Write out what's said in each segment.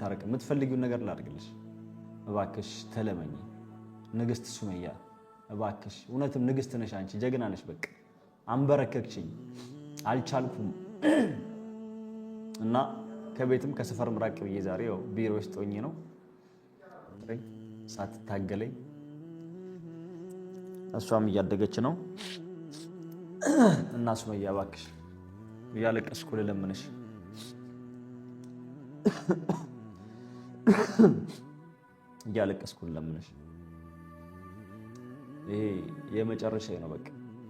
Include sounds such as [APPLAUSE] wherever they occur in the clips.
ታረቅ የምትፈልጊውን ነገር ላድርግልሽ፣ እባክሽ ተለመኝ። ንግስት ሱመያ እባክሽ፣ እውነትም ንግስት ነሽ አንቺ፣ ጀግና ነሽ። በቃ አንበረከክችኝ፣ አልቻልኩም እና ከቤትም ከሰፈርም ራቅ ብዬ ዛሬ ያው ቢሮ ውስጥ ሆኜ ነው ሳትታገለኝ፣ እሷም እያደገች ነው እና ሱመያ እባክሽ እያለቀስኩ ልለምንሽ እያለቀስኩን ለምነሽ ይሄ የመጨረሻ ነው። በቃ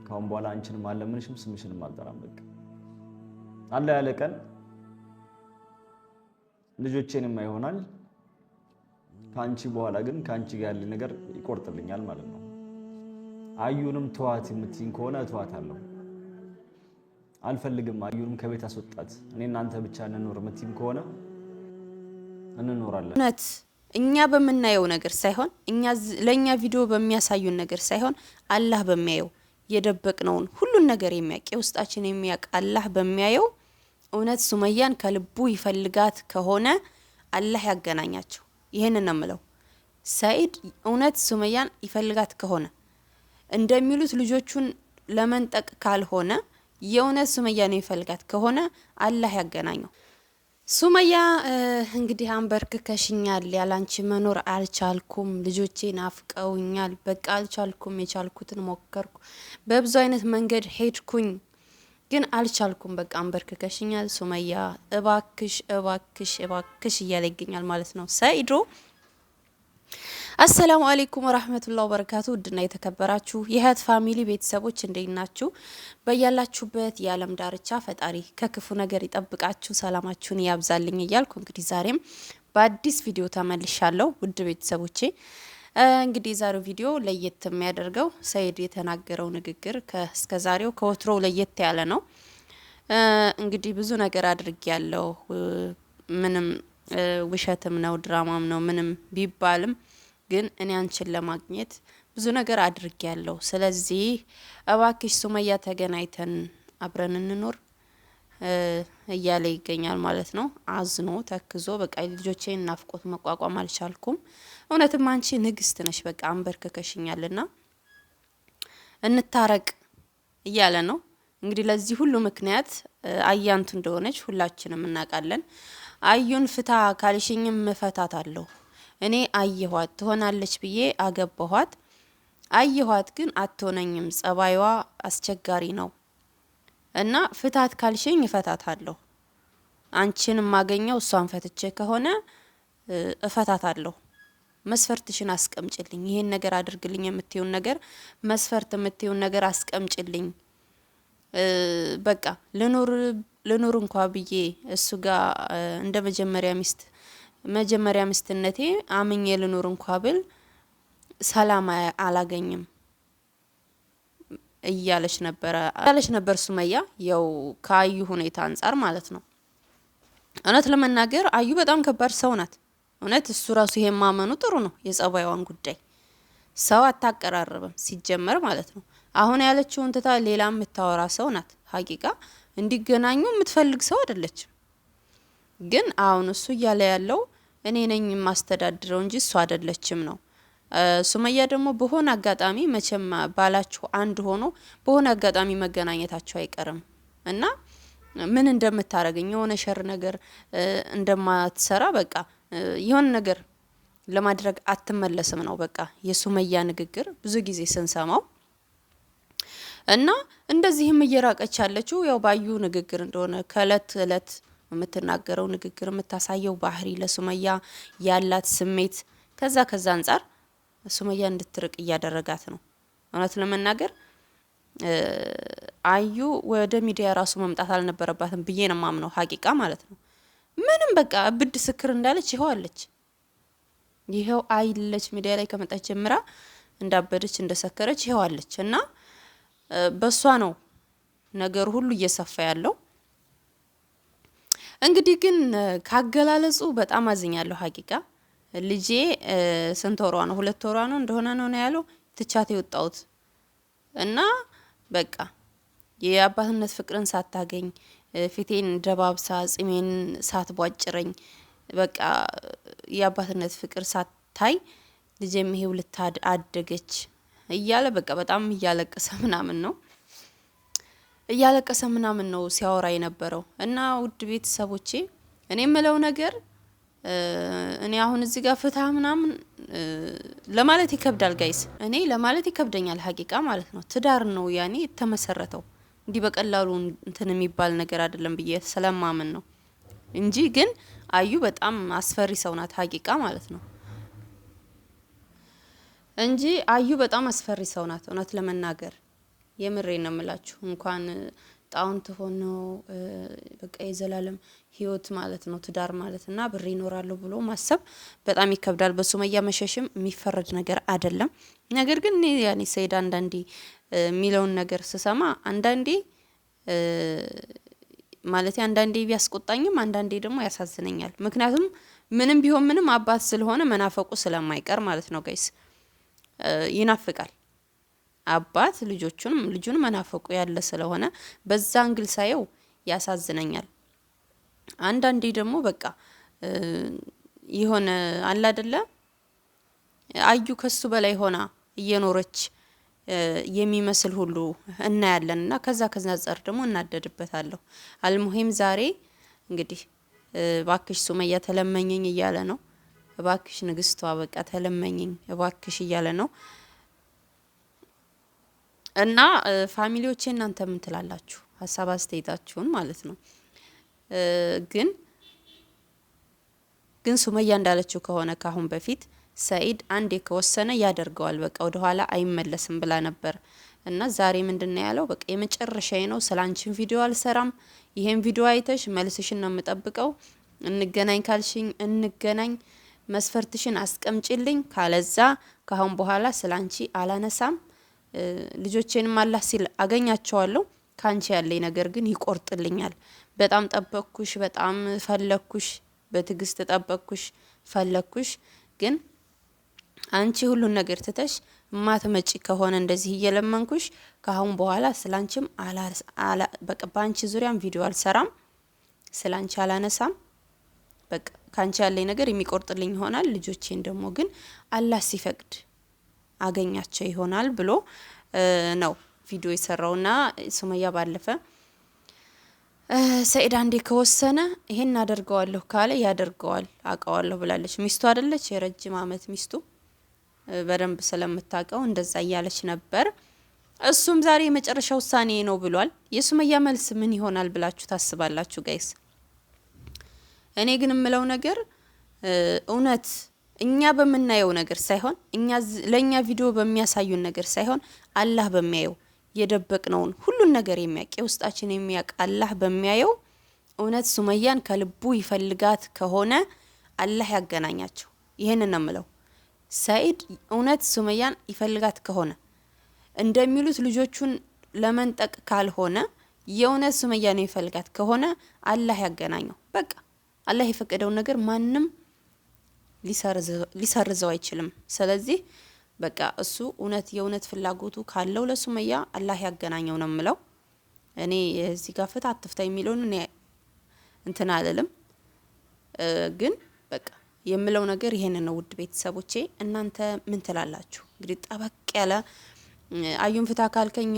ካሁን በኋላ አንቺንም አለምንሽም ስምሽንም አልጠራም። በቃ አለ ያለ ቀን ልጆቼንም ይሆናል። ከአንቺ በኋላ ግን ከአንቺ ጋር ያለ ነገር ይቆርጥልኛል ማለት ነው። አዩንም ተዋት የምትይኝ ከሆነ አለው። አልፈልግም። አዩንም ከቤት አስወጣት። እኔ እናንተ ብቻ እንኖር የምትይኝ ከሆነ እንኖራለን። እውነት እኛ በምናየው ነገር ሳይሆን እኛ ለእኛ ቪዲዮ በሚያሳዩን ነገር ሳይሆን አላህ በሚያየው የደበቅነውን ሁሉን ነገር የሚያውቅ የውስጣችን የሚያውቅ አላህ በሚያየው እውነት ሱመያን ከልቡ ይፈልጋት ከሆነ አላህ ያገናኛቸው። ይህንን ነው ምለው። ሰኢድ እውነት ሱመያን ይፈልጋት ከሆነ እንደሚሉት ልጆቹን ለመንጠቅ ካልሆነ የእውነት ሱመያን ይፈልጋት ከሆነ አላህ ያገናኘው። ሱመያ እንግዲህ አንበርክከሽኛል፣ ያላንቺ መኖር አልቻልኩም፣ ልጆቼ ናፍቀውኛል፣ በቃ አልቻልኩም፣ የቻልኩትን ሞከርኩ፣ በብዙ አይነት መንገድ ሄድኩኝ፣ ግን አልቻልኩም፣ በቃ አንበርክከሽኛል፣ ሱመያ እባክሽ፣ እባክሽ፣ እባክሽ እያለ ይገኛል ማለት ነው ሰኢዶ አሰላሙ አሌይኩም ወራህመቱላሂ ወበረካቱ። ውድና የተከበራችሁ የህያት ፋሚሊ ቤተሰቦች እንዴት ናችሁ? በያላችሁበት የዓለም ዳርቻ ፈጣሪ ከክፉ ነገር ይጠብቃችሁ፣ ሰላማችሁን ያብዛልኝ እያልኩ እንግዲህ ዛሬም በአዲስ ቪዲዮ ተመልሻለሁ። ውድ ቤተሰቦቼ እንግዲህ የዛሬው ቪዲዮ ለየት የሚያደርገው ሰይድ የተናገረው ንግግር እስከ ዛሬው ከወትሮው ለየት ያለ ነው። እንግዲህ ብዙ ነገር አድርጌ ምንም ውሸትም ነው ድራማም ነው ምንም ቢባልም ግን እኔ አንቺን ለማግኘት ብዙ ነገር አድርጌ ያለው። ስለዚህ እባክሽ ሱመያ ተገናኝተን አብረን እንኖር እያለ ይገኛል ማለት ነው። አዝኖ ተክዞ በቃ ልጆቼን እናፍቆት መቋቋም አልቻልኩም። እውነትም አንቺ ንግስት ነሽ፣ በቃ አንበርክከሽኛልና እንታረቅ እያለ ነው። እንግዲህ ለዚህ ሁሉ ምክንያት አያንቱ እንደሆነች ሁላችንም እናውቃለን። አዩን ፍታ ካልሽኝም አለው እኔ አየኋት ትሆናለች ብዬ አገባኋት። አየኋት ግን አትሆነኝም። ጸባይዋ አስቸጋሪ ነው እና ፍታት ካልሽኝ እፈታት አለሁ። አንቺን የማገኘው እሷን ፈትቼ ከሆነ እፈታት አለሁ። መስፈርትሽን አስቀምጭልኝ። ይሄን ነገር አድርግልኝ የምትዩን ነገር መስፈርት የምትዩን ነገር አስቀምጭልኝ። በቃ ልኖር ልኑር እንኳ ብዬ እሱ ጋር እንደ መጀመሪያ ሚስት መጀመሪያ ሚስትነቴ አምኜ ልኑር እንኳ ብል ሰላም አላገኝም እያለች ነበረ እያለች ነበር ሱመያ ያው ከአዩ ሁኔታ አንጻር ማለት ነው። እውነት ለመናገር አዩ በጣም ከባድ ሰው ናት። እውነት እሱ ራሱ ይሄ ማመኑ ጥሩ ነው። የጸባይዋን ጉዳይ ሰው አታቀራርብም ሲጀመር ማለት ነው። አሁን ያለችውን ትታ ሌላ የምታወራ ሰው ናት ሀቂቃ እንዲገናኙ የምትፈልግ ሰው አይደለችም። ግን አሁን እሱ እያለ ያለው እኔ ነኝ የማስተዳድረው እንጂ እሱ አይደለችም ነው። ሱመያ ደግሞ በሆነ አጋጣሚ መቼም ባላችሁ አንድ ሆኖ በሆነ አጋጣሚ መገናኘታችሁ አይቀርም እና ምን እንደምታደርገኝ የሆነ ሸር ነገር እንደማትሰራ በቃ የሆነ ነገር ለማድረግ አትመለስም ነው በቃ የሱመያ ንግግር ብዙ ጊዜ ስንሰማው እና እንደዚህም እየራቀች ያለችው ያው ባዩ ንግግር እንደሆነ ከእለት እለት የምትናገረው ንግግር የምታሳየው ባህሪ ለሱመያ ያላት ስሜት ከዛ ከዛ አንጻር ሱመያ እንድትርቅ እያደረጋት ነው። እውነት ለመናገር አዩ ወደ ሚዲያ ራሱ መምጣት አልነበረባትም ብዬ ነው ማምነው። ሀቂቃ ማለት ነው። ምንም በቃ ብድ ስክር እንዳለች ይኸው አለች፣ ይኸው አይለች። ሚዲያ ላይ ከመጣች ጀምራ እንዳበደች እንደሰከረች ይኸው አለች እና በሷ ነው ነገር ሁሉ እየሰፋ ያለው። እንግዲህ ግን ካገላለጹ በጣም አዝኛለሁ። ሀቂቃ ልጄ ስንት ወሯ ነው? ሁለት ወሯ ነው እንደሆነ ነው ነው ያለው ትቻት የወጣሁት እና በቃ የአባትነት ፍቅርን ሳታገኝ ፊቴን ደባብሳ ጽሜን ሳትቧጭረኝ በቃ የአባትነት ፍቅር ሳታይ ልጄም ይሄው ልታድ አደገች እያለ በቃ በጣም እያለቀሰ [LAUGHS] ምናምን ነው እያለቀሰ ምናምን ነው ሲያወራ የነበረው። እና ውድ ቤተሰቦቼ እኔ የምለው ነገር እኔ አሁን እዚህ ጋር ፍትህ ምናምን ለማለት ይከብዳል ጋይስ፣ እኔ ለማለት ይከብደኛል ሀቂቃ ማለት ነው። ትዳር ነው ያኔ የተመሰረተው እንዲህ በቀላሉ እንትን የሚባል ነገር አይደለም ብዬ ስለማምን ነው እንጂ ግን አዩ በጣም አስፈሪ ሰው ናት ሀቂቃ ማለት ነው። እንጂ አዩ በጣም አስፈሪ ሰው ናት። እውነት ለመናገር የምሬ ነው የምላችሁ። እንኳን ጣውንት ሆኖ በቃ የዘላለም ህይወት ማለት ነው ትዳር ማለት እና ብር ይኖራሉ ብሎ ማሰብ በጣም ይከብዳል። በሱመያ መሸሽም የሚፈረድ ነገር አይደለም። ነገር ግን እኔ ያኔ ሰይድ አንዳንዴ የሚለውን ነገር ስሰማ አንዳንዴ ማለት አንዳንዴ ቢያስቆጣኝም አንዳንዴ ደግሞ ያሳዝነኛል። ምክንያቱም ምንም ቢሆን ምንም አባት ስለሆነ መናፈቁ ስለማይቀር ማለት ነው ጋይስ ይናፍቃል። አባት ልጆቹን ልጁን መናፈቁ ያለ ስለሆነ በዛ እንግል ሳየው ያሳዝነኛል። አንዳንዴ ደግሞ በቃ የሆነ አለ አይደለ አዩ ከሱ በላይ ሆና እየኖረች የሚመስል ሁሉ እናያለን እና ከዛ ከዛ አንጻር ደግሞ እናደድበታለሁ። አልሙሂም ዛሬ እንግዲህ ባክሽ ሱመያ ተለመኘኝ እያለ ነው። እባክሽ ንግስቷ በቃ ተለመኝኝ እባክሽ እያለ ነው። እና ፋሚሊዎቼ እናንተ ምን ትላላችሁ? ሀሳብ አስተያየታችሁን ማለት ነው። ግን ግን ሱመያ እንዳለችው ከሆነ ካሁን በፊት ሰኢድ አንዴ ከወሰነ ያደርገዋል፣ በቃ ወደኋላ አይመለስም ብላ ነበር። እና ዛሬ ምንድን ነው ያለው? በቃ የመጨረሻዬ ነው፣ ስለ አንቺን ቪዲዮ አልሰራም። ይሄን ቪዲዮ አይተሽ መልስሽን ነው የምጠብቀው። እንገናኝ ካልሽኝ እንገናኝ መስፈርትሽን አስቀምጭልኝ፣ ካለዛ ካሁን በኋላ ስለ አንቺ አላነሳም፣ ልጆቼንም አላህ ሲል አገኛቸዋለሁ፣ ከአንቺ ያለኝ ነገር ግን ይቆርጥልኛል። በጣም ጠበቅኩሽ፣ በጣም ፈለግኩሽ፣ በትዕግስት ጠበቅኩሽ፣ ፈለግኩሽ ግን አንቺ ሁሉን ነገር ትተሽ ማትመጪ ከሆነ እንደዚህ እየለመንኩሽ ከአሁን በኋላ ስላንቺም በአንቺ ዙሪያም ቪዲዮ አልሰራም፣ ስላንቺ አላነሳም በቃ ከአንቺ ያለኝ ነገር የሚቆርጥልኝ ይሆናል፣ ልጆቼን ደግሞ ግን አላህ ሲፈቅድ አገኛቸው ይሆናል ብሎ ነው ቪዲዮ የሰራውና ሱመያ ባለፈ ሰኢድ አንዴ ከወሰነ ይሄን አደርገዋለሁ ካለ ያደርገዋል አውቀዋለሁ ብላለች። ሚስቱ አደለች የረጅም አመት ሚስቱ በደንብ ስለምታውቀው እንደዛ እያለች ነበር። እሱም ዛሬ የመጨረሻ ውሳኔ ነው ብሏል። የሱመያ መልስ ምን ይሆናል ብላችሁ ታስባላችሁ ጋይስ? እኔ ግን የምለው ነገር እውነት እኛ በምናየው ነገር ሳይሆን እኛ ለእኛ ቪዲዮ በሚያሳዩን ነገር ሳይሆን አላህ በሚያየው የደበቅነውን ሁሉን ነገር የሚያውቅ የውስጣችን የሚያውቅ አላህ በሚያየው እውነት ሱመያን ከልቡ ይፈልጋት ከሆነ አላህ ያገናኛቸው። ይህንን ነው የምለው። ሰኢድ እውነት ሱመያን ይፈልጋት ከሆነ እንደሚሉት ልጆቹን ለመንጠቅ ካልሆነ የእውነት ሱመያን ይፈልጋት ከሆነ አላህ ያገናኘው በቃ። አላህ የፈቀደውን ነገር ማንም ሊሰርዘው አይችልም። ስለዚህ በቃ እሱ እውነት የእውነት ፍላጎቱ ካለው ለሱመያ አላህ ያገናኘው ነው የምለው። እኔ የዚህ ጋር አትፍታ የሚለውን እኔ እንትን አልልም፣ ግን በቃ የምለው ነገር ይሄን ነው። ውድ ቤተሰቦቼ እናንተ ምን ትላላችሁ? እንግዲህ ጠበቅ ያለ አዩን ፍታ ካልከኝ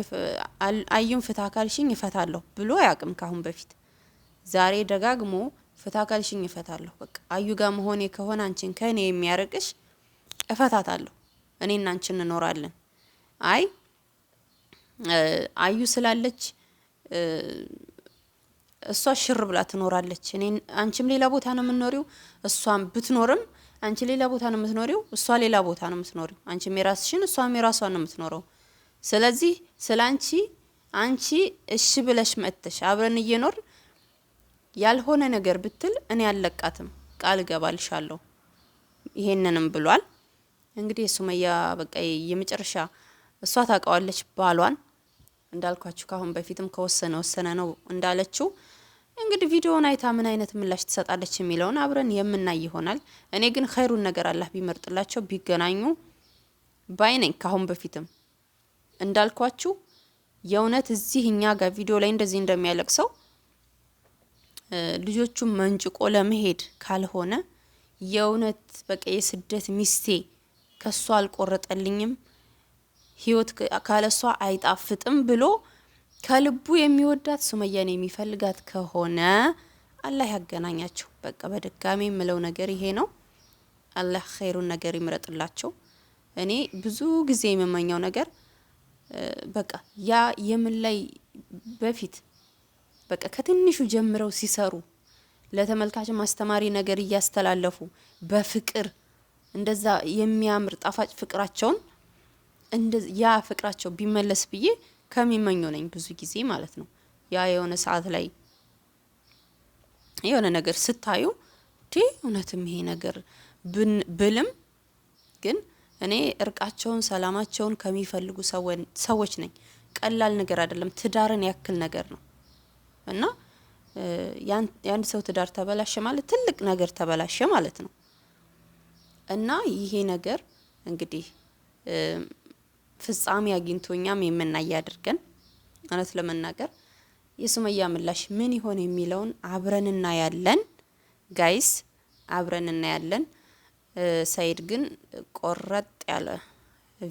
አዩን ፍታ ካልሽኝ እፈታለሁ ብሎ አያውቅም ከአሁን በፊት ዛሬ ደጋግሞ ፍታ ካልሽኝ እፈታለሁ። በቃ አዩ ጋር መሆኔ ከሆነ አንቺን ከእኔ የሚያርቅሽ እፈታታለሁ። እኔና እና አንቺ እንኖራለን። አይ አዩ ስላለች እሷ ሽር ብላ ትኖራለች። እኔ አንቺም ሌላ ቦታ ነው የምትኖሪው። እሷም ብትኖርም አንቺ ሌላ ቦታ ነው የምትኖሪው፣ እሷ ሌላ ቦታ ነው የምትኖሪው። አንቺም የራስሽን እሷም የራሷን ነው የምትኖረው። ስለዚህ ስለ አንቺ አንቺ እሺ ብለሽ መጥተሽ አብረን እየኖር ያልሆነ ነገር ብትል እኔ አልለቃትም፣ ቃል እገባልሻለሁ ይሄንንም ብሏል። እንግዲህ ሱመያ በቃ የመጨረሻ እሷ ታውቀዋለች ባሏን እንዳልኳችሁ ከአሁን በፊትም ከወሰነ ወሰነ ነው እንዳለችው እንግዲህ ቪዲዮውን አይታ ምን አይነት ምላሽ ትሰጣለች የሚለውን አብረን የምናይ ይሆናል። እኔ ግን ኸይሩን ነገር አላህ ቢመርጥላቸው ቢገናኙ ባይ ነኝ። ካሁን በፊትም እንዳልኳችሁ የእውነት እዚህ እኛ ጋር ቪዲዮ ላይ እንደዚህ እንደሚያለቅሰው ልጆቹን መንጭቆ ለመሄድ ካልሆነ የእውነት በቃ የስደት ሚስቴ ከሷ አልቆረጠልኝም፣ ህይወት ካለሷ አይጣፍጥም ብሎ ከልቡ የሚወዳት ሱመያን የሚፈልጋት ከሆነ አላህ ያገናኛቸው። በቃ በድጋሚ የምለው ነገር ይሄ ነው። አላህ ኸይሩን ነገር ይምረጥላቸው። እኔ ብዙ ጊዜ የምመኘው ነገር በቃ ያ የምን ላይ በፊት በቃ ከትንሹ ጀምረው ሲሰሩ ለተመልካች አስተማሪ ነገር እያስተላለፉ በፍቅር እንደዛ የሚያምር ጣፋጭ ፍቅራቸውን ያ ፍቅራቸው ቢመለስ ብዬ ከሚመኘው ነኝ ብዙ ጊዜ ማለት ነው። ያ የሆነ ሰዓት ላይ የሆነ ነገር ስታዩ ዲ እውነትም ይሄ ነገር ብልም ግን እኔ እርቃቸውን ሰላማቸውን ከሚፈልጉ ሰዎች ነኝ። ቀላል ነገር አይደለም። ትዳርን ያክል ነገር ነው። እና የአንድ ሰው ትዳር ተበላሸ ማለት ትልቅ ነገር ተበላሸ ማለት ነው። እና ይሄ ነገር እንግዲህ ፍጻሜ አግኝቶ እኛም የምናይ አድርገን እውነት ለመናገር የሱመያ ምላሽ ምን ይሆን የሚለውን አብረን እናያለን። ጋይስ አብረን እናያለን። ሰይድ ግን ቆረጥ ያለ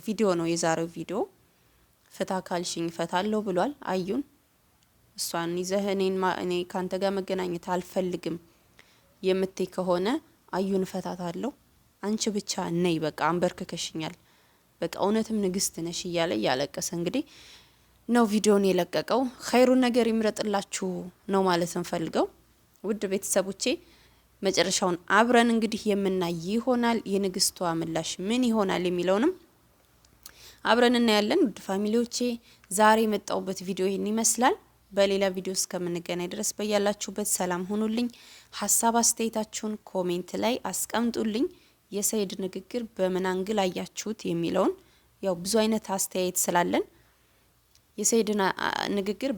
ቪዲዮ ነው የዛሬው ቪዲዮ። ፍታ ካልሽኝ እፈታለሁ ብሏል አዩን። እሷን ይዘህ እኔን እኔ ካንተ ጋር መገናኘት አልፈልግም የምትይ ከሆነ አዩን እፈታታለሁ። አንቺ ብቻ ነይ በቃ አንበርክከሽኛል፣ በቃ እውነትም ንግስት ነሽ እያለ እያለቀሰ እንግዲህ ነው ቪዲዮን የለቀቀው። ኸይሩን ነገር ይምረጥላችሁ ነው ማለት እንፈልገው ውድ ቤተሰቦቼ መጨረሻውን አብረን እንግዲህ የምናይ ይሆናል። የንግስቷ ምላሽ ምን ይሆናል የሚለውንም አብረን እናያለን። ውድ ፋሚሊዎቼ ዛሬ የመጣውበት ቪዲዮ ይህን ይመስላል። በሌላ ቪዲዮ እስከምንገናኝ ድረስ በያላችሁበት ሰላም ሁኑልኝ። ሀሳብ አስተያየታችሁን ኮሜንት ላይ አስቀምጡልኝ። የሰይድ ንግግር በምን አንግል አያችሁት የሚለውን ያው ብዙ አይነት አስተያየት ስላለን የሰይድን ንግግር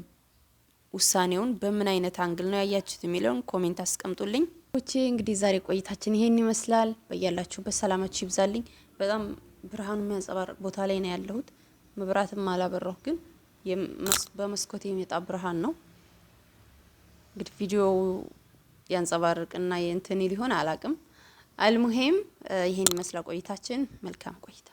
ውሳኔውን በምን አይነት አንግል ነው ያያችሁት የሚለውን ኮሜንት አስቀምጡልኝ። ቼ እንግዲህ ዛሬ ቆይታችን ይሄን ይመስላል። በያላችሁበት ሰላማችሁ ይብዛልኝ። በጣም ብርሃኑ የሚያንጸባርቅ ቦታ ላይ ነው ያለሁት። መብራትም አላበራሁ ግን በመስኮት የሚመጣ ብርሃን ነው። እንግዲህ ቪዲዮው ያንጸባርቅና የእንትኔ ሊሆን አላቅም። አልሙሄም ይህን ይመስላል ቆይታችን። መልካም ቆይታ